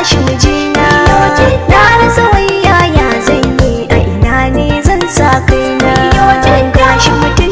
tashi mijina na zan yi a ina ne zan sa kaina gashi mutum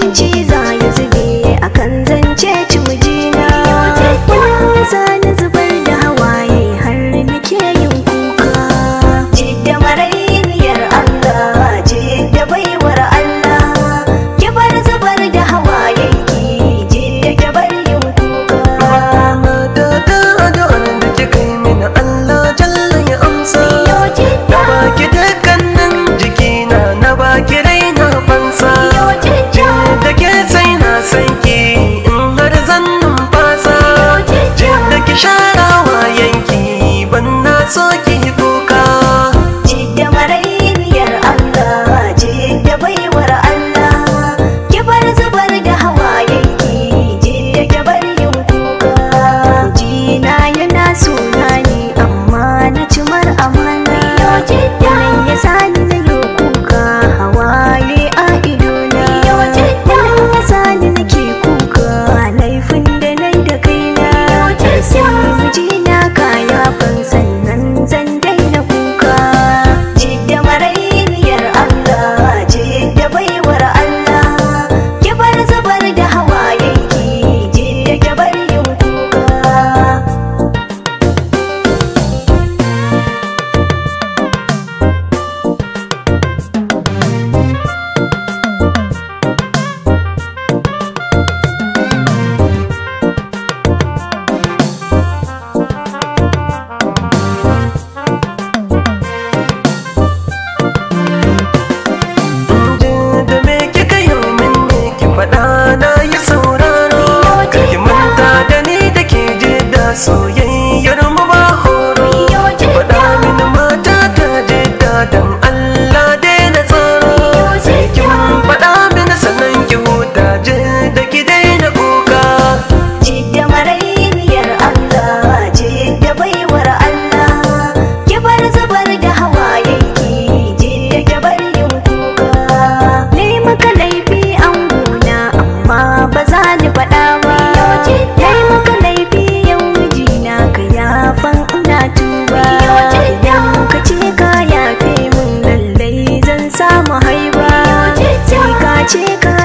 所以。ce ka